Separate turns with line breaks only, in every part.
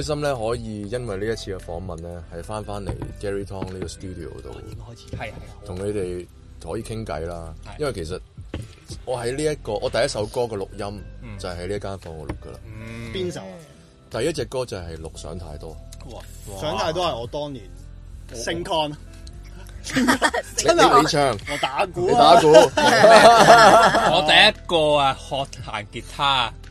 開心咧，可以因為呢一次嘅訪問咧，係翻翻嚟 Gary Tong 呢個 studio 度，點開始？係係，同你哋可以傾偈啦。因為其實我喺呢一個，我第一首歌嘅錄音就喺呢一間房度錄噶啦。邊首、嗯、第一隻歌就係錄、嗯、想太多。
想太多係我當年聖
Con，你,你唱，我打鼓、啊，你打鼓。我第一
個啊，學彈吉他。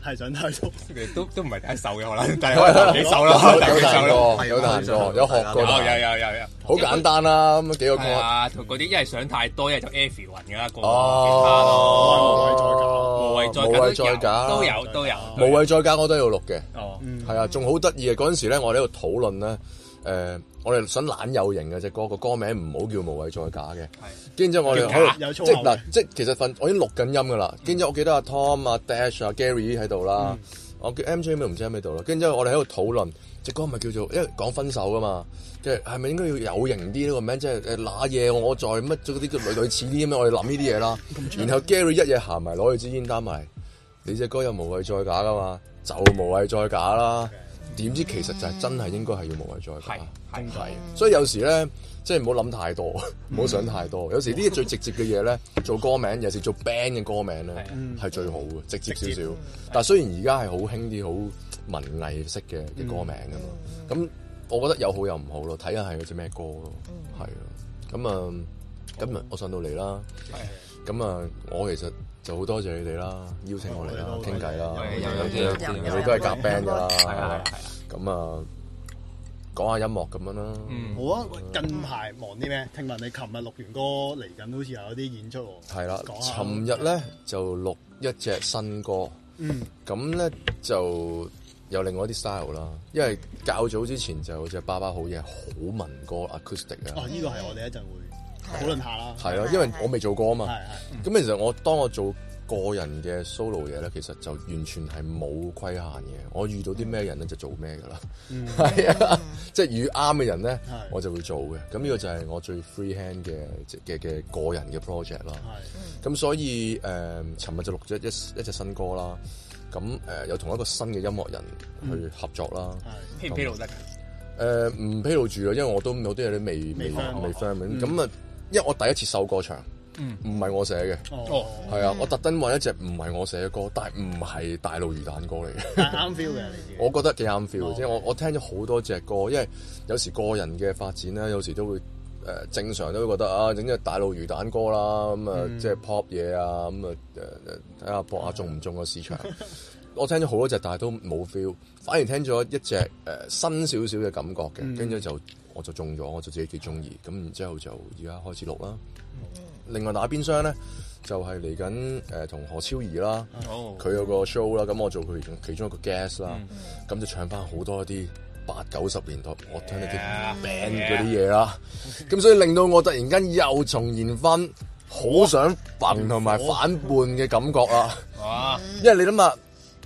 係想、啊嗯啊、想太多，都都唔係太瘦嘅可能，但係幾瘦啦，有彈過，有彈過，有學過，有有有有，好簡單啦，咁啊幾個歌啊，嗰啲一係想太多，一係就 Every 雲嘅啦，過吉他咯，無謂再假，無謂再假，都有都有，無謂
再假我都要錄嘅，哦，係啊，仲好得意嘅嗰陣時咧，我喺度討論咧。誒，uh, 我哋想懶有型嘅隻歌，個歌名唔好叫無謂再假嘅。係的，跟住之後我哋假能即係嗱，即係其實訓我已經錄緊音噶啦。跟住、嗯、我記得阿、啊、Tom、阿、啊、Dash、啊、阿 Gary 喺度啦。嗯、我叫 M J，唔知喺邊度啦。跟住之後我哋喺度討論隻歌，咪叫做因為講分手噶嘛。即係係咪應該要有型啲呢個名？即係誒，拿、呃、嘢，我再乜咗嗰啲咁類似啲咁嘅，我哋諗呢啲嘢啦。 然後 Gary 一嘢行埋，攞佢支煙單埋。你隻歌又「無謂再假」噶嘛。就無謂再假啦。Okay. 點知其實就係真係應該係要無謂再假，係所以有時咧，即係唔好諗太多，唔好、嗯、想太多。有時呢啲最直接嘅嘢咧，做歌名，有時做 band 嘅歌名咧，係、嗯、最好嘅，直接少少。直接但係雖然而家係好興啲好文藝式嘅嘅歌名㗎嘛，咁、嗯、我覺得有好有唔好咯，睇下係嗰隻咩歌咯，係啊，咁啊，咁、嗯、啊，的我上到嚟啦，係的，咁啊，我其實。就好多謝你哋啦，邀請我嚟啦，傾偈啦，咁樣，你都係夾 band 噶啦，咁啊，講下音樂咁樣啦。好啊，近
排忙啲咩？聽聞你琴日錄完歌嚟緊，好似有啲演出。
係啦，琴日咧就錄一隻新歌。嗯，咁咧就有另外一啲 style 啦，因為較早之前就有隻《爸爸好嘢》好民歌 acoustic 啊。哦，呢個係我
哋一陣會。討論下啦，係咯，因為我
未做過啊嘛。咁其實我當我做個人嘅 solo 嘢咧，其實就完全係冇規限嘅。我遇到啲咩人咧，就做咩噶啦。係啊，即係遇啱嘅人咧，我就會做嘅。咁呢個就係我最 freehand 嘅嘅嘅個人嘅 project 啦。咁所以誒，尋日就錄咗一一隻新歌啦。咁誒，又同一個新嘅音樂人去合作啦。披露得誒，唔披露住咯，因為我都有啲有啲未未未 firm 咁啊。因為我第一次收歌場，唔係我寫嘅，
係啊，我
特登揾一隻唔係我寫嘅歌，但係唔係大路魚蛋歌嚟嘅，啱 feel 嘅。我覺得幾啱 feel，即係我我聽咗好多隻歌，因為有時個人嘅發展咧，有時都會誒正常都會覺得啊，整隻大路魚蛋歌啦，咁啊即係 pop 嘢啊，咁啊誒睇下搏下中唔中個市場。我聽咗好多隻，但係都冇 feel，反而聽咗一隻誒新少少嘅感覺嘅，跟住就。我就中咗，我就自己幾中意，咁然之後就而家開始錄啦。另外打邊廂咧，就係嚟緊誒同何超儀啦，佢好有個 show 啦，咁我做佢其中一個 guest 啦，嗯，咁就唱翻好多一啲八九十年代耶我聽一啲 band 嗰啲嘢啦，咁 所以令到我突然間又重現翻好想蹦同埋反叛嘅感覺啦。 因為你諗下，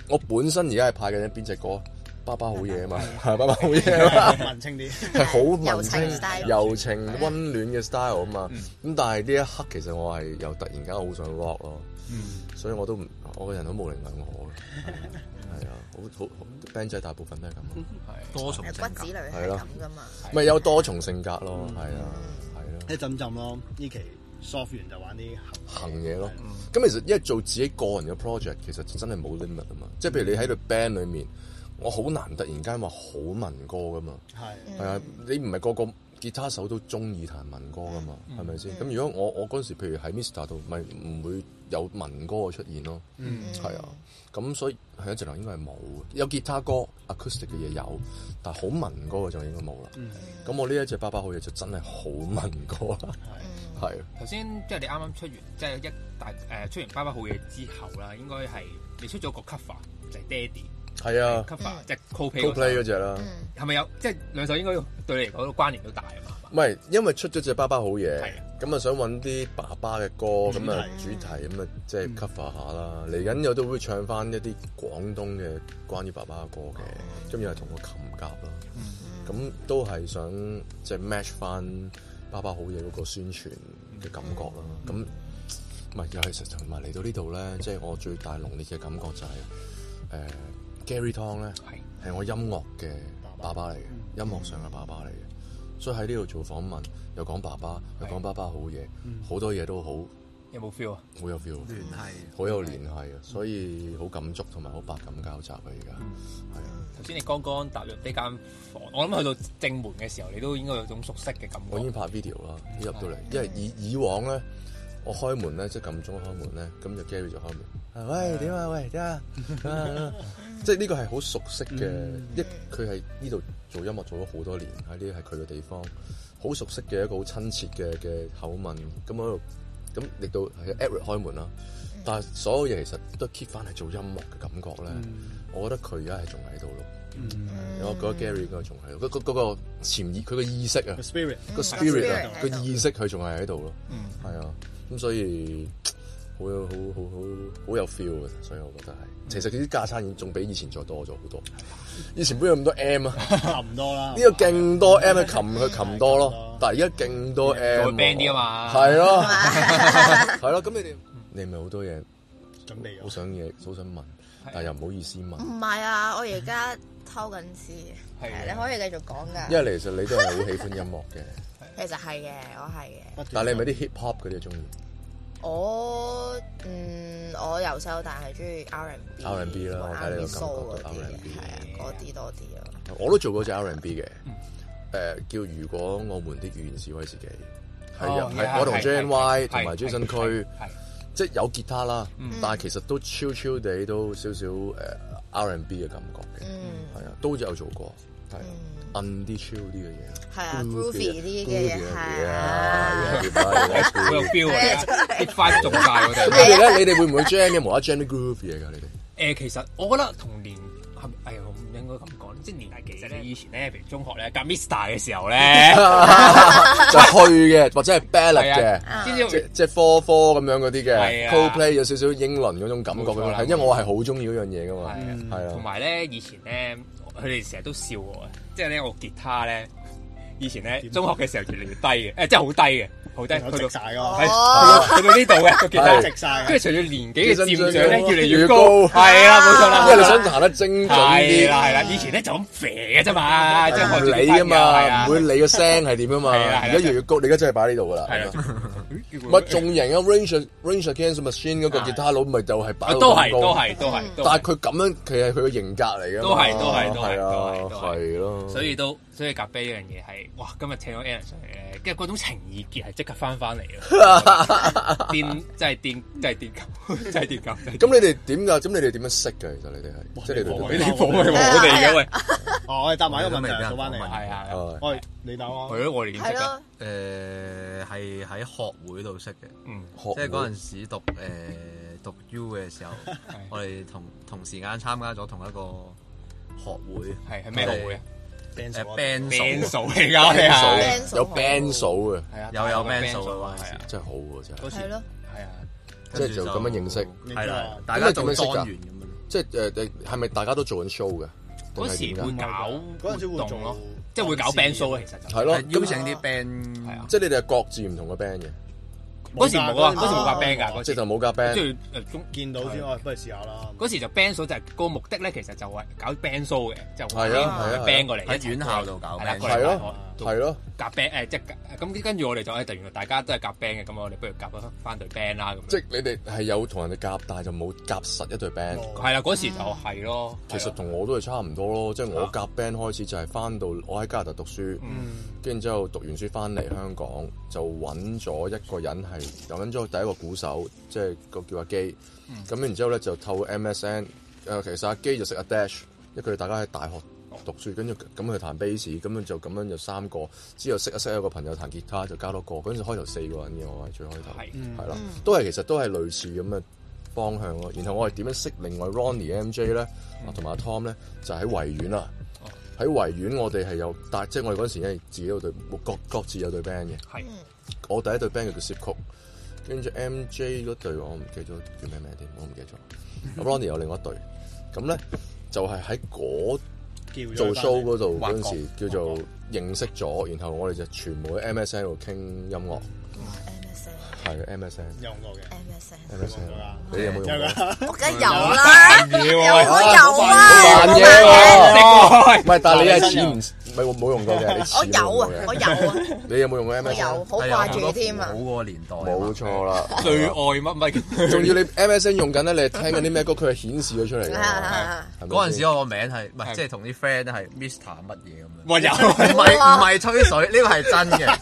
我本身而家係派緊邊隻歌？爸爸好嘢啊嘛，爸爸好嘢嘛，文青
啲，係好文青，柔情溫
暖嘅 style 啊嘛。咁但係呢一刻其實我係又突然間好想 rock 咯，所以我都唔，我個人都冇靈活嘅，係啊，好好 band 仔大部分都係咁，係多重性格，係咯，咁噶嘛，咪有多重性格咯，係啊，
係咯，一浸浸咯，呢期 soft 完就玩啲
hard 嘢咯。咁其實因為做自己個人嘅 project 其實真係冇 limit 啊嘛，即係譬如你喺度 band 裏面。我好難突然間話好民歌噶嘛，係啊的的，你唔係個個吉他手都中意彈民歌噶嘛，係咪先？咁如果我我嗰陣時，譬如喺 Mr. 度，咪唔會有民歌嘅出現咯，係啊的，咁的所以喺一隻樓應該係冇嘅，有吉他歌 acoustic 嘅嘢有，但係好民歌嘅就應該冇啦。咁的我呢一隻《爸爸好嘢》就真係好民歌啦，係
頭先即係你啱啱出完即係一大誒出完《爸爸好嘢》之後啦，應該係你出咗個 cover 就係爹哋。係啊，cover 即係 Coldplay 嗰隻啦，係咪有即係兩首應該對你嚟講關聯都大啊
嘛？唔係，因為出咗隻爸爸好嘢，咁啊想揾啲爸爸嘅歌，咁啊主題咁啊即係 cover 下啦。嚟緊有都會唱翻一啲廣東嘅關於爸爸嘅歌嘅，咁又係同我琴甲咯。咁都係想即係 match 翻爸爸好嘢嗰個宣傳嘅感覺啦。咁唔係又係實，同埋嚟到呢度咧，即係我最大濃烈嘅感覺就係誒。Gary Tong 咧係係我音樂嘅爸爸嚟嘅，音樂上嘅爸爸嚟嘅，所以喺呢度做訪問又講爸爸，又講爸爸好嘢，好多嘢都好有冇 feel 啊？好有 feel，係好有聯繫啊！所以好感觸同埋好百感交集啊！而家係啊，
頭先你剛剛踏入呢間房，我諗去到正門嘅時候，你都應該有種熟悉嘅感覺。我已經
拍 video 啦，一入到嚟，因為以以往咧，我開門咧即係撳鐘開門咧，咁就 Gary 就開門。喂，點啊？喂，點啊？即係呢個係好熟悉嘅，一佢係呢度做音樂做咗好多年，喺呢個係佢嘅地方，好熟悉嘅一個好親切嘅嘅口吻。咁喺度，咁令到 Eric 開門啦。但係所有嘢其實都 keep 翻係做音樂嘅感覺咧，我覺得佢而家係仲喺度
咯。
我覺得 Gary 佢仲喺度。嗰嗰個潛意，佢個意識啊，個 spirit，個 spirit 啊，個意識佢仲係喺度咯。嗯，係啊，咁所以。好有好好好好有 feel 嘅，所以我覺得係。其實佢啲架撐仲比以前再多咗好多。以前邊有咁多 M 啊，差唔多啦。呢個勁多 M 啊，琴去琴多咯。但係而家勁多 M。再 band 啲啊嘛。係咯，係咯。咁你哋，你咪好多嘢準備好想嘢，好想問，但又唔好意思問。
唔係啊，我而家偷緊師，係你可以繼
續講㗎。因為其實你都好喜歡音樂嘅。
其實係嘅，我係嘅。但係你咪啲
hip hop 嗰啲中意。
我嗯，我由細到大係中
意 R and B，R and B 啦，R and B soul 係啊，嗰啲多啲啊。我都做過隻 R and B 嘅，誒，叫如果我們啲語言是為自己，係啊，係我同 J n Y 同埋 Jason 區，係，即係有吉他啦，但係其實都超超地都少少誒 R and B 嘅感覺嘅，嗯，係啊，都有做過。係，under chill 啲嘅嘢，係啊，groovy 啲嘅嘢，係啊，冇有 feel 嘅，跌翻仲大嗰啲。你哋咧，你哋會唔會 jam 一模一 jam 啲 groovy 嘢噶？你哋？誒，其實
我覺得童年係，哎呀，唔應該咁講，即係年係幾咧。以前咧，譬如中學咧，夾 Mr.
嘅時候咧，就去嘅，或者係 ballad 嘅，即係 four four 咁樣嗰啲嘅，co play 有少少英倫嗰種感覺嘅啦。因為我係好中意嗰樣嘢噶嘛，係啊。同
埋咧，以前咧。佢哋成日都笑我，即係咧，我吉他咧，以前咧中學嘅時候越嚟越低嘅，誒，即係好低嘅，好低去到呢度嘅，吉他直晒。跟住隨住年紀嘅增長咧，越嚟越高。係啦，冇錯啦。因為你想彈得精準啲啦，係啦。以前咧就咁肥嘅啫嘛，即係唔理噶嘛，唔會理個聲
係點噶嘛。而家越嚟越高，你而家真係擺喺呢度噶啦。咪仲型啊 ，Range Range Against Machine 嗰個吉他佬咪就係擺都係都係都係，但係佢咁樣，其實係佢個型格嚟嘅，都係都係都係，係咯，所
以都。所以咖啡呢樣嘢係哇，今日請咗 Alan 上嚟咧，跟住嗰種情意結係即刻翻翻嚟咯。掂，即係掂，即係掂，就係
咁你哋點噶？咁你哋點樣識嘅？其實你哋係，即係你哋俾啲火咩？我哋嘅喂，我哋答埋一個問題啊，倒翻嚟。係啊，我哋你答啊。係咯，我哋點識噶？誒，係喺學會度識嘅。即係嗰陣時讀誒 U 嘅時候，我哋同同時
間參加咗同一個學會。係係咩學會啊？band band band 嫂有 band 數嘅，又有 band 數嘅話，係啊，
真係好喎，真係係咯，係啊，即係就咁樣認識，係啦，大家做咩熟緣咁啊？即係誒，係咪大家都做緊 show 嘅？嗰時會搞嗰陣時活動咯，即係會搞 band
嫂啊，其實係咯，邀請啲 band，
係啊，即係你哋係各自唔同嘅 band 嘅。嗰時冇啊，嗰時冇夾 band 噶，嗰時就冇夾 band，即
係誒中見到先，我不如試下啦。嗰時就 band show 就係個目的咧，其實就係搞 band show 嘅，就係啲 band 過嚟喺院校度搞，係咯，係咯，夾 band 誒即係咁跟住我哋就誒，原來大家都係夾 band 嘅，咁我哋不如夾一翻對 band 啦。即係你哋
係有同人哋夾，但係就冇夾實一對 band。係啊，
嗰時就係咯。
其實同我都係差唔多咯，即係我夾 band 開始就係翻到我喺加拿大讀書，跟住之後讀完書翻嚟香港就揾咗一個人係。又揾咗第一個鼓手，即係個叫阿基，咁、嗯、然之後咧就透過 MSN，誒、呃、其實阿基就識阿 Dash，因為佢哋大家喺大學讀書，跟住咁佢彈 bass，咁樣 ass，就咁樣就三個，之後識一識有個朋友彈吉他就加多個，嗰陣時開頭四個人嘅我係最開頭，係、嗯、啦，都係其實都係類似咁嘅方向咯。然後我係點樣識另外 Ronnie、MJ 咧、嗯，同埋 Tom 咧，就喺維園啦，喺維園我哋係有大，嗯、即係我哋嗰陣時自己有隊，各各，各自有隊 band 嘅，係、
嗯，
我第一隊 band 叫攝做曲。跟住 M J 嗰隊我唔記得咗叫咩名添，我唔記得咗。咁 Ronny 有另一隊，咁咧就係喺嗰做 show 嗰度嗰陣時叫做認識咗，然後我哋就全部喺 MSN 度傾音樂。係 MSN，用過嘅。MSN，MSN，你有冇用啊？我梗係有啦，有冇有啊？唔係，唔係，但係你係黐唔，唔係冇用過嘅。我有啊，我有啊。你有冇用過 MSN？有，好掛住添啊。好個年代。冇錯啦，最愛乜乜嘅。仲要你 MSN 用緊咧，你係聽緊啲咩歌？佢係顯示咗出嚟。係係係。嗰陣時我
個名係，唔係即係同啲 friend 係 Mister 乜嘢咁樣。我有，唔係唔係吹水，呢個係真嘅。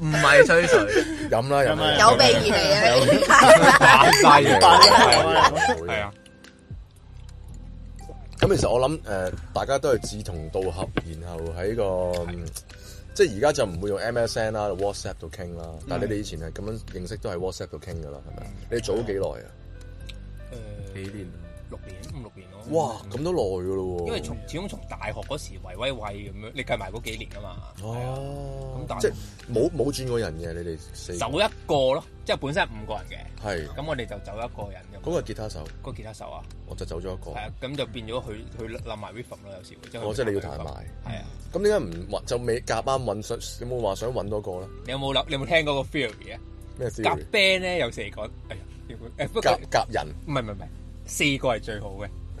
唔係吹水，飲啦飲啦，有鼻而嚟嘅。係啊，
咁其實我諗誒，大家都係志同道合，然後喺個即係而家就唔會用 MSN 啦，WhatsApp 度傾啦。但係你哋以前係咁樣認識都係 WhatsApp 度傾噶啦，係咪？你早幾耐啊？誒幾年？六年？五六年？哇！咁都耐噶咯喎，因為從
始終從大學嗰時圍威喂咁樣，你計埋嗰幾年啊嘛，
係啊，咁但即冇冇轉過人嘅，你哋走一
個咯，即係本身五個人嘅，係咁我哋就走一個人咁。
嗰個吉他手，嗰吉他手啊，我就走咗一個。係啊，咁
就變咗佢佢冧埋 rhythm 咯，有時我真係你要彈埋係啊。
咁點解唔就未夾班揾想有冇話想揾多個咧？
你有冇諗？你有冇聽過個 theory 嘅咩 theory？夾 band 咧有時講哎呀，夾夾人唔係唔係唔係，四個係最好嘅。係喎，睇喎，形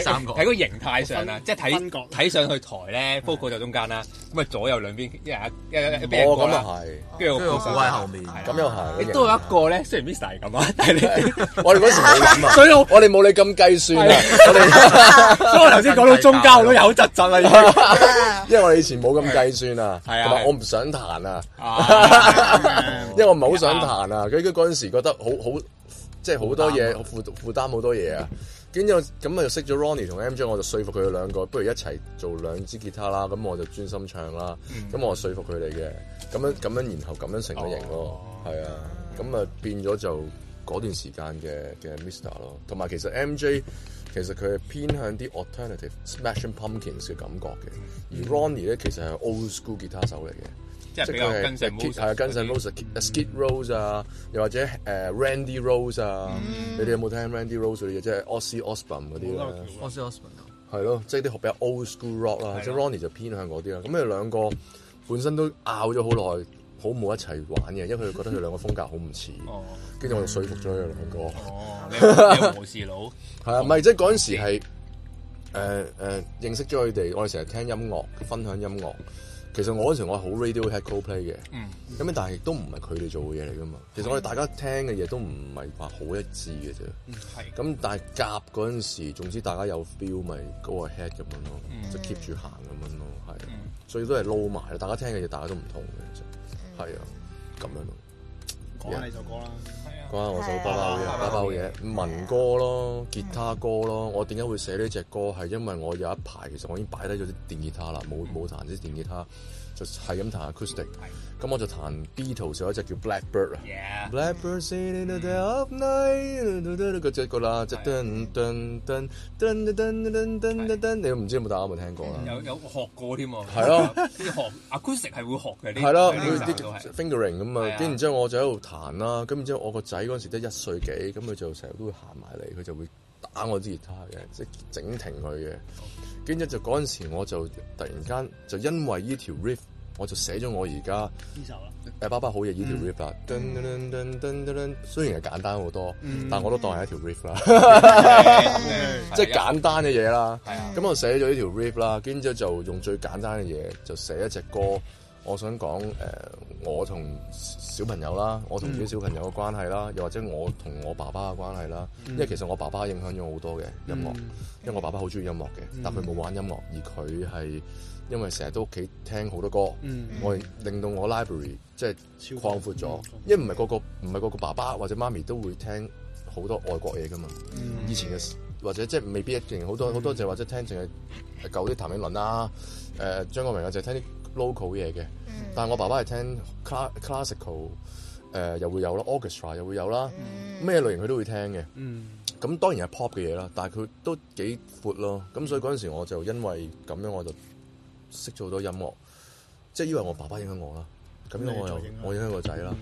喺嗰個形態上啊，即係睇睇上去台咧，focal 就中間啦，咁啊左右兩邊一人一，我咁啊係，跟住我坐喺後面，咁又係，都有一個咧，雖然 Miss 咁啊，我哋嗰時冇諗啊，所以
我哋冇你咁計算啊，咁我頭先講到中間我都有窒震啦，因為我哋以前冇咁計算啊，同埋我唔想彈啊，因為我唔係好想彈啊，佢佢嗰陣時覺得好好。即係好多嘢我負負擔好多嘢啊，跟住咁啊就識咗 Ronnie 同 MJ，我就說服佢哋兩個，不如一齊做兩支吉他啦，咁我就專心唱啦，咁、嗯、我就說服佢哋嘅，咁樣咁樣然後咁樣成咗型咯，係、哦、啊，咁啊變咗就嗰段時間嘅嘅 Mr. 咯，同埋其實 MJ 其實佢係偏向啲 alternative Smashing Pumpkins 嘅感覺嘅，而 Ronnie 咧其實係 old school 吉他手嚟嘅。即佢係 Keith 啊，跟上 Rose，Keith Rose 啊，又或者誒 Randy Rose 啊，你哋有冇聽 Randy Rose 啲嘢？即係 Ozzy Osbourne 嗰啲啦，Ozzy Osbourne，係咯，即係啲比較 Old School Rock 啦，即係 Ronnie 就偏向嗰啲啦。咁佢哋兩個本身都拗咗好耐，好冇一齊玩嘅，因為佢哋覺得佢兩個風格好唔似。哦，跟住我就說服咗佢兩個。哦，冇
事
佬，係啊，唔係即係嗰陣時係誒誒認識咗佢哋，我哋成日聽音樂，分享音樂。其實我嗰時我係好 Radiohead Coldplay 嘅，咁樣、嗯、但係亦都唔係佢哋做嘅嘢嚟噶嘛。其實我哋大家聽嘅嘢都唔係話好一致嘅啫。嗯，咁但係夾嗰陣時，總之大家有 feel 咪 go ahead 咁樣咯，嗯、就 keep 住行咁樣咯，係。嗯、所以都係撈埋，大家聽嘅嘢大家都唔同嘅，其實係啊咁樣咯。
講
下 Yeah. 你首歌啦，講下我首爸爸好嘢，爸爸好嘢，民歌咯，Yeah. 吉他歌咯，我點解會寫呢隻歌係、mm hmm. 因為我有一排其實我已經擺低咗啲電吉他啦，冇冇彈啲電吉他。就係咁彈 acoustic，咁我就彈 Beatles 有一隻叫 Blackbird 啊。Blackbird singing in the dead of night，嗰隻個啦，即係噔噔噔噔噔噔噔噔噔，你唔知有冇大家有冇聽過啦？
有有學過添啊，係咯，啲學阿 Acoustic 係會學嘅，係咯，啲 fingering 咁啊。跟然之
後我就喺度彈啦，咁然之後我個仔嗰陣時得一歲幾，咁佢就成日都會行埋嚟，佢就會。打我支吉他嘅，即整停佢嘅。跟住就嗰陣時，我就突然間就因為呢條 riff，我就寫咗我而家呢首啊。誒、欸、爸爸好嘢呢條 riff 啦，嗯嗯、雖然係簡單好多，但我都當係一條 riff 啦，即係簡單嘅嘢啦。咁、嗯啊、我寫咗呢條 riff 啦，跟住就用最簡單嘅嘢就寫一隻歌。我想講誒、呃，我同小朋友啦，我同啲小，小朋友嘅關係啦，又或者我同我爸爸嘅關係啦。因為其實我爸爸影響咗好多嘅音樂，嗯、因為我爸爸好中意音樂嘅，嗯、但佢冇玩音樂，而佢係因為成日都屋企聽好多歌，我、嗯嗯、令到我 library 即係擴闊咗。嗯、因為唔係個個，唔係個個爸爸或者媽咪都會聽好多外國嘢㗎嘛。嗯、以前嘅、嗯、或者即係未必一定好多好、嗯、多就係或者聽淨係舊啲譚詠麟啦，誒、呃、張國榮啊，就聽啲。local 嘢嘅，但係我爸爸係聽 classical，誒、呃、又會有啦，orchestra 又會有啦，咩類型佢都會聽嘅。咁、嗯、當然係 pop 嘅嘢啦，但係佢都幾闊咯。咁所以嗰陣時我就因為咁樣我就識咗好多音樂，即係因為我爸爸影響我啦。咁樣我又、嗯、我影響個仔啦。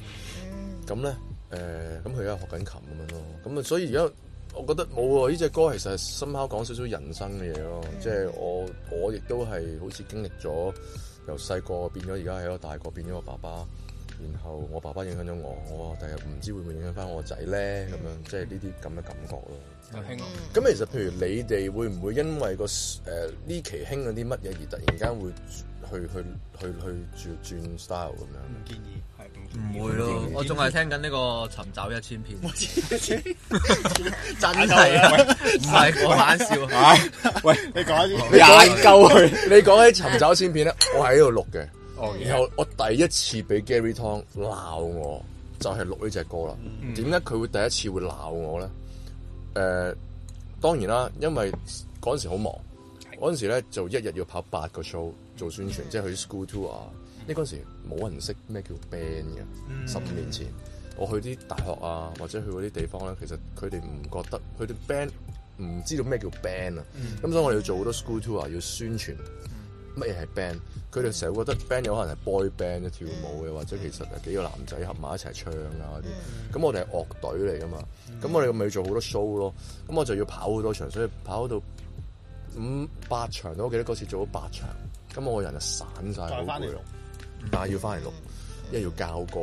咁咧誒，咁佢而家學緊琴咁樣咯。咁啊，所以而家我覺得冇喎，呢隻歌其實係深刻講少少人生嘅嘢咯。即係、嗯、我我亦都係好似經歷咗。由細個變咗，而家喺我大個變咗我爸爸，然後我爸爸影響咗我，我第日唔知會唔會影響返我仔咧咁樣，即係呢啲咁嘅感覺咯。咁 其實譬如你哋會唔會因為、個誒、呃、呢期興嗰啲乜嘢而突然間會去去去去，去，去轉轉 style 咁樣？唔建議。唔會咯，我仲係
聽緊呢個尋找一千遍，真係唔係講玩笑吓。喂，你講啲嗌救佢，你講起尋找千遍
咧，我喺度錄嘅。哦，然後我第一次俾 Gary Tong 鬧我，就係錄呢隻歌啦。點解佢會第一次會鬧我咧？誒，當然啦，因為嗰陣時好忙，嗰陣時咧就一日要跑八個 show 做宣傳，即係去 school tour。呢陣時冇人識咩叫 band 嘅，十五年前，我去啲大學啊，或者去嗰啲地方咧，其實佢哋唔覺得，佢哋 band 唔知道咩叫 band 啊、嗯。咁所以我哋要做好多 school tour，要宣傳乜嘢係 band。佢哋成日會覺得 band 有可能係 boy band 跳舞嘅，或者其實係幾個男仔合埋一齊唱啊嗰啲。咁我哋係樂隊嚟噶嘛，咁、嗯、我哋咪要做好多 show 咯。咁我就要跑好多場，所以跑到五、八場，我記得嗰次做咗八場。咁我個人就散晒再翻嚟。但係要翻嚟錄，因為要教歌，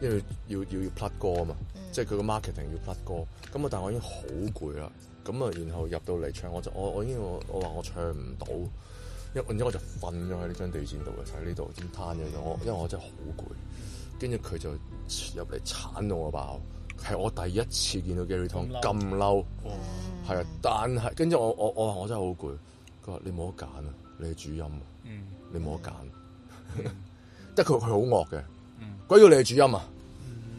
因為要要要 plug 歌啊嘛，即係佢個 marketing 要 plug 歌。咁啊，但係我已經好攰啦。咁啊，然後入到嚟唱，我就我我已經我我話我唱唔到。因為，然之後我就瞓咗喺呢張地氈度嘅，喺呢度，癱咗。我因為我真係好攰。跟住佢就入嚟鏟到我爆，係我第一次見到 Gary Tong 咁嬲。哦。係啊，但係跟住我我我話我真係好攰。佢話：你冇得揀啊，你係主音啊，你冇得揀。嗯 即係佢，佢好惡嘅，鬼叫你係主音啊！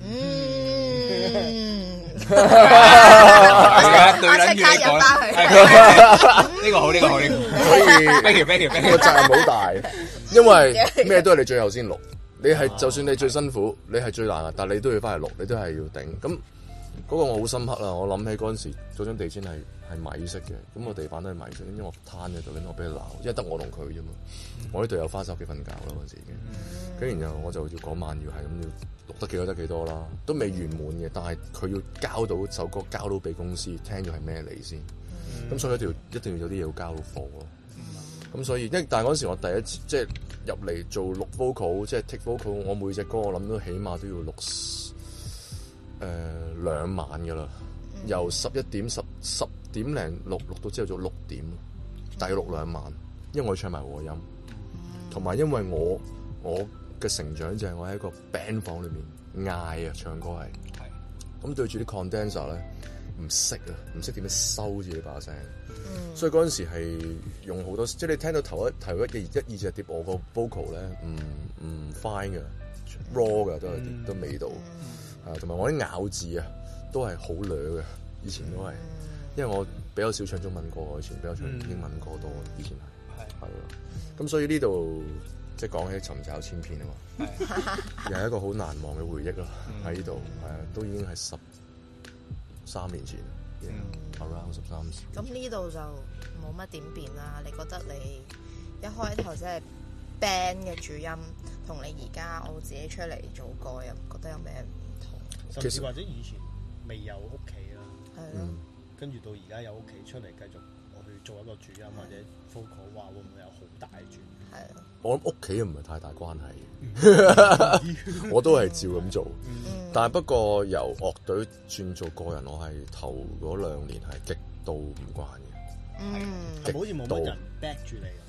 嗯，哈哈哈哈哈哈，阿色嘉呢個好，呢個好，呢個，所以個責任好大，因為咩都係你最後先錄，你係就算你最辛苦，你係最難嘅，但係你都要翻嚟錄，你都係要頂咁。嗰個我好深刻啊！我諗起嗰陣時，嗰張地氈係係米色嘅，咁個地板都係米色，因為我攤喺度，竟我俾佢鬧，因為得我同佢啫嘛。我呢度有花屋企瞓覺啦，嗰陣時，跟住然後我就要講慢，晚要係咁要錄得幾多得幾多啦，都未圓滿嘅。但係佢要交到首歌，交到俾公司聽咗係咩嚟先？咁、嗯、所以一定要一定要有啲嘢要交到貨咯。咁所以一但嗰陣時我第一次即係入嚟做錄 vocal，即係 take vocal，我每隻歌我諗都起碼都要錄。誒、呃，兩晚噶啦，由十一點十十點零六六到朝頭早六點，大約六兩晚。因為我要唱埋和音，同埋因為我我嘅成長就係我喺一個 band 房裏面嗌啊唱歌係，咁是對住啲 condenser 咧唔識啊，唔識點樣收住呢把聲，所以嗰陣時係用好多，即係你聽到頭一頭一嘅一,一二隻碟我，我個 vocal 咧唔唔 fine 嘅、嗯、raw 嘅都係、嗯、都未到。啊，同埋我啲咬字啊，都係好嗲嘅。以前都係，mm. 因為我比較少唱中文歌，以前比較唱英文歌多。Mm. 以前係係咯，咁、mm. 所以呢度即係講起尋找一千遍啊嘛， 又係一個好難忘嘅回憶咯。喺呢度係都已經係十三年前，around 十三年。
咁呢度就冇乜點變啦。你覺得你一開頭即係 band 嘅主音，同你而家我自己出嚟做歌，又唔覺得有咩？甚至或者以前未有屋企啦，嗯，跟住到而家有屋企出嚟繼續我去做一個主音、嗯、或者 vocal，話會唔會有好大嘅轉？係係、
嗯、我諗屋企又唔係太大關係，嗯、 我都係照咁做，嗯、但係不過由樂隊轉做個人，我係頭兩年係極度唔慣嘅，嗯，度好似冇乜人 back 住你。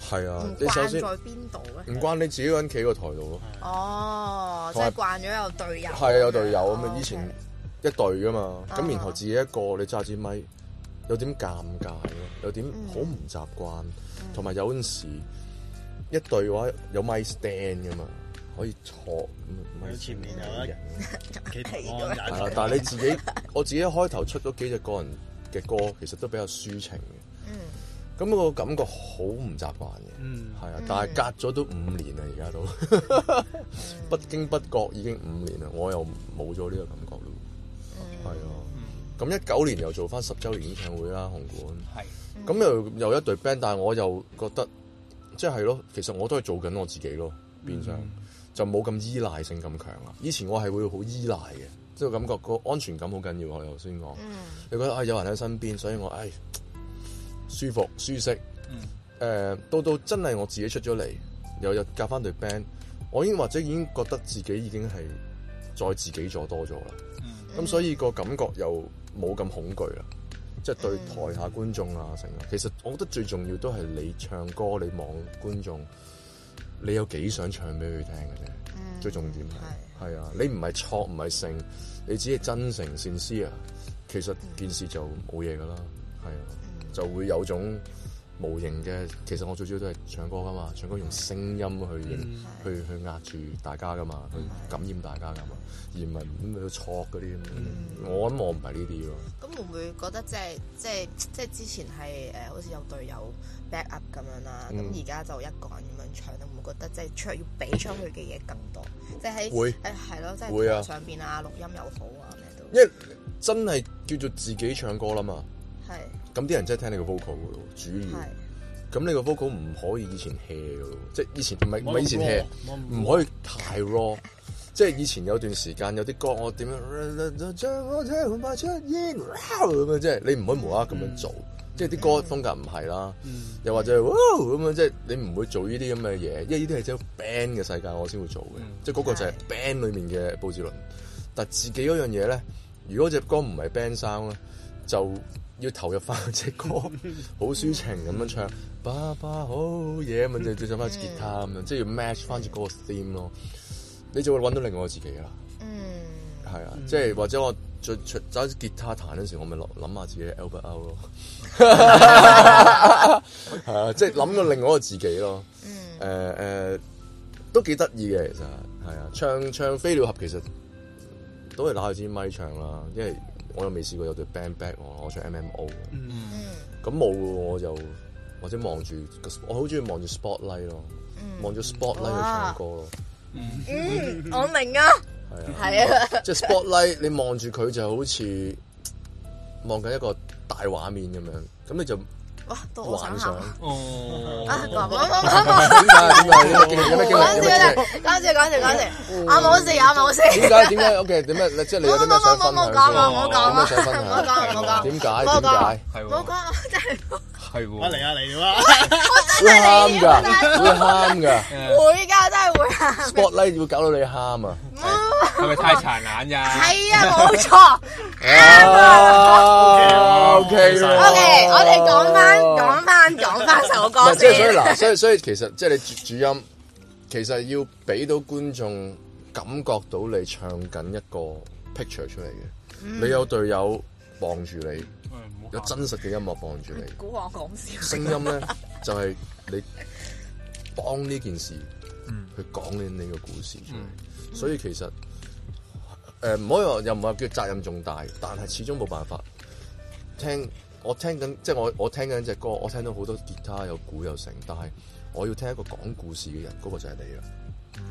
係啊，你首先，唔慣邊度咧？唔慣你自己揾企個台度咯。
哦，即係慣咗有隊友。係啊，有
隊友咁啊，以前一隊噶嘛，咁然後自己一個你揸支咪，有點尷尬咯，有點好唔習慣，同埋有陣時一隊嘅話有咪 stand 噶嘛，可以坐。前面有個人，但係你自己，我自己開頭出咗幾隻個人嘅歌，其實都比較抒情嘅。咁個感覺好唔習慣嘅，
係、嗯、啊！但係
隔咗都五年啦，而家都 不經不覺已經五年啦。我又冇咗呢個感覺咯，係、嗯、啊！咁一九年又做翻十週年演唱會啦，紅館。係咁、嗯、又又一隊 band，但係我又覺得即係咯，其實我都係做緊我自己咯，變相就冇咁依賴性咁強啦。以前我係會好依賴嘅，即係感覺個安全感好緊要。我頭先講，嗯、你覺得啊、哎，有人喺身邊，所以我唉。哎舒服舒適，誒、mm，hmm. uh, 到到真係我自己出咗嚟，又有夾翻對 band，我已經或者已經覺得自己已經係再自己做多咗啦。咁、mm hmm. 所以個感覺又冇咁恐懼啦，即、就、係、是、對台下觀眾啊成。Mm hmm. 其實我覺得最重要都係你唱歌，你望觀眾，你有幾想唱俾佢聽嘅啫，mm hmm. 最重點係係啊。你唔係錯唔係成，你只係真誠善思啊。其實件事就冇嘢噶啦，係啊。就會有種無形嘅，其實我最主要都係唱歌㗎嘛，唱歌用聲音去去去壓住大家㗎嘛，去感染大家㗎嘛，而唔係咁樣去挫嗰啲。我諗我唔係呢啲咯。
咁會唔會覺得即係即係即係之前係誒好似有隊友 back up 咁樣啦？咁而家就一個人咁樣唱，會唔會覺得即係出要俾出去嘅嘢更多？即喺誒係咯，即係上邊啊錄音又好啊咩
都。因為真係叫做自己唱歌啦嘛。
係。
咁啲人真係聽你個 vocal 嘅咯，主要咁你個 vocal 唔可以以前 hea 嘅咯，即係以前唔係唔係以前 hea，唔可以太 raw。即係以前有段時間有啲歌我點樣將我聽爆出煙咁樣，即係你唔可以無啦咁樣做。即係啲歌風格唔係啦，又或者係咁樣，即係你唔會做呢啲咁嘅嘢，因為呢啲係喺 band 嘅世界我先會做嘅，即係嗰個就係 band 裡面嘅佈置輪。但自己嗰樣嘢咧，如果隻歌唔係 band sound 咧，就。要投入翻隻歌，好抒情咁樣唱，爸爸好嘢咁，就再上翻吉他咁樣，即係要 match 翻隻歌個 theme 咯。你就會揾到另外個自己啦。嗯，係啊，即係或者我再出攪吉他彈嗰時，我咪落諗下自己 Albert 咯。係啊，即係諗到另外一個自己咯。誒誒、 啊，都幾得意嘅其實係啊，唱唱飛鳥合其實都係攞住支咪唱啦，因為。我又未試過有對 band back 喎，我唱 MMO，咁冇嘅我就或者望住，我好中意望住 Spotlight 咯，望住 Spotlight 去唱歌咯。嗯。嗯，嗯 我明啊，係啊，係啊，即係 Spotlight，你望住佢就好似望緊一個大畫面咁樣，咁你就。哇，都我想下哦！啊，唔好唔好唔好，講笑啦，講笑講笑講笑，我冇事我冇事。點解點解？O K，點乜？即係你點想瞓啊？唔好唔好唔好唔講啊！唔講唔講唔講！點解？點解？係喎！唔好
講，真係。係喎！嚟啊嚟啊！會喊噶，會喊噶。會噶真係會啊！Spotlight
會搞到你喊啊？係咪太殘眼呀？係啊，
冇錯。
O K O K O K，我哋講翻。講翻講翻首歌先，即係 所以嗱，所以所以其實即係、就是、你主，主音，其實要俾到觀眾感覺到你唱緊一個 picture 出嚟嘅，嗯、你有隊友望住你，嗯、有真實嘅音樂望住你。估我講笑。聲音咧就係你幫呢件事，嗯、去講緊你個故事出。出嚟、嗯。所以其實誒唔、呃、可以話任唔叫責任重大，但係始終冇辦法聽。我聽緊，即係我我聽緊隻歌，我聽到好多吉他有鼓有聲，但係我要聽一個講故事嘅人，嗰、那個就係你啦。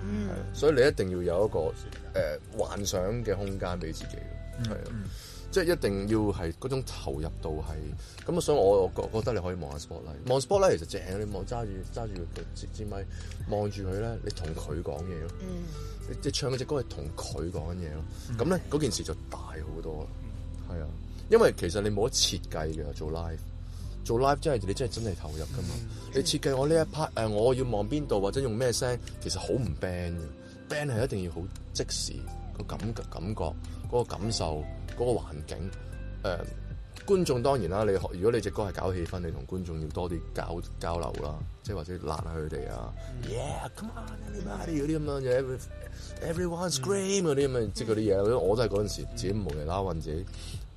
嗯，所以你一定要有一個誒、呃、幻想嘅空間俾自己，係、mm hmm. 即係一定要係嗰種投入度係。咁啊，所以我我覺得你可以望下 Spotlight 望 Spotlight 其實正你望揸住揸住支咪望住佢咧，你同佢講嘢咯。嗯，你、mm hmm. 你唱嗰隻歌係同佢講緊嘢咯。咁咧嗰件事就大好多啦。係啊。因為其實你冇得設計嘅，做 live 做 live 真係你真係真係投入噶嘛。Mm hmm. 你設計我呢一 part 誒、呃，我要望邊度或者用咩聲，其實好唔 band 嘅。Mm hmm. band 係一定要好即時、嗰個感感覺、嗰、嗰個感受、嗰、嗰個環境誒。呃觀眾當然啦，你學如果你隻歌係搞氣氛，你同觀眾要多啲搞，搞交流啦，即係或者辣下佢哋啊，Yeah，come on anybody 嗰啲咁樣嘢，everyone scream 嗰啲咁樣，即嗰啲嘢，我都係嗰陣時自己無釐啦，運自己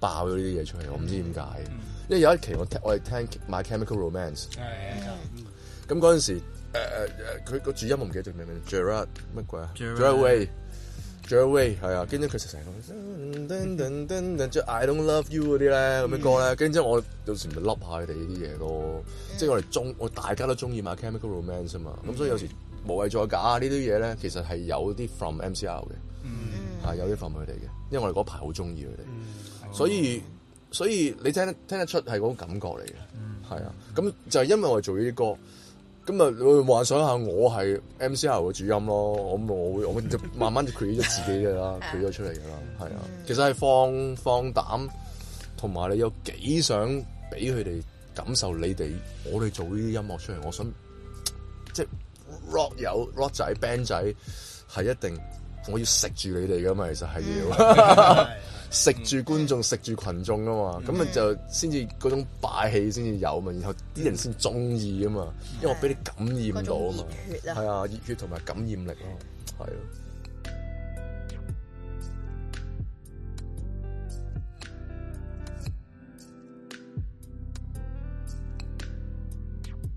爆咗呢啲嘢出嚟，我唔知點解。Mm hmm. 因為有一期我我係聽，聽 My Chemical Romance，咁嗰陣時誒佢個主音我唔記得叫咩名 Gerard 乜鬼啊 Gerard Way。Jway 係啊，跟住佢成成嗰啲，即係 I don't love you 嗰啲咧，咁嘅歌咧，跟 住後 我有時咪笠下佢哋呢啲嘢咯。Mm. 即係我哋中，我大家都中意 My Chemical Romance 啊嘛。咁、mm. 所以有時無謂再假呢啲嘢咧，其實係有啲 from MCR 嘅，嚇、mm. 有啲 from 佢哋嘅，因為我哋嗰排好中意佢哋，mm. 所以，oh. 所以所以你聽聽得出係嗰種感覺嚟嘅，係啊。咁、mm. 就係因為我哋做呢啲歌。咁啊，今日幻想下我係 M C R 嘅主音咯，咁我會我就慢慢就 create 咗自己嘅啦，create 咗出嚟嘅啦，係啊，其實係放放膽，同埋你有幾想俾佢哋感受你哋，我哋做呢啲音樂出嚟，我想即係、就是、rock 友 rock 仔 band 仔係一定，我要食住你哋噶嘛，其實係要。 食住觀眾，食住群眾啊嘛，咁咪、mm hmm. 就先至嗰種霸氣先至有嘛，然後啲人先鍾意啊嘛，因為我俾你感染到啊嘛，係啊，熱血同埋感染力是啊，係咯。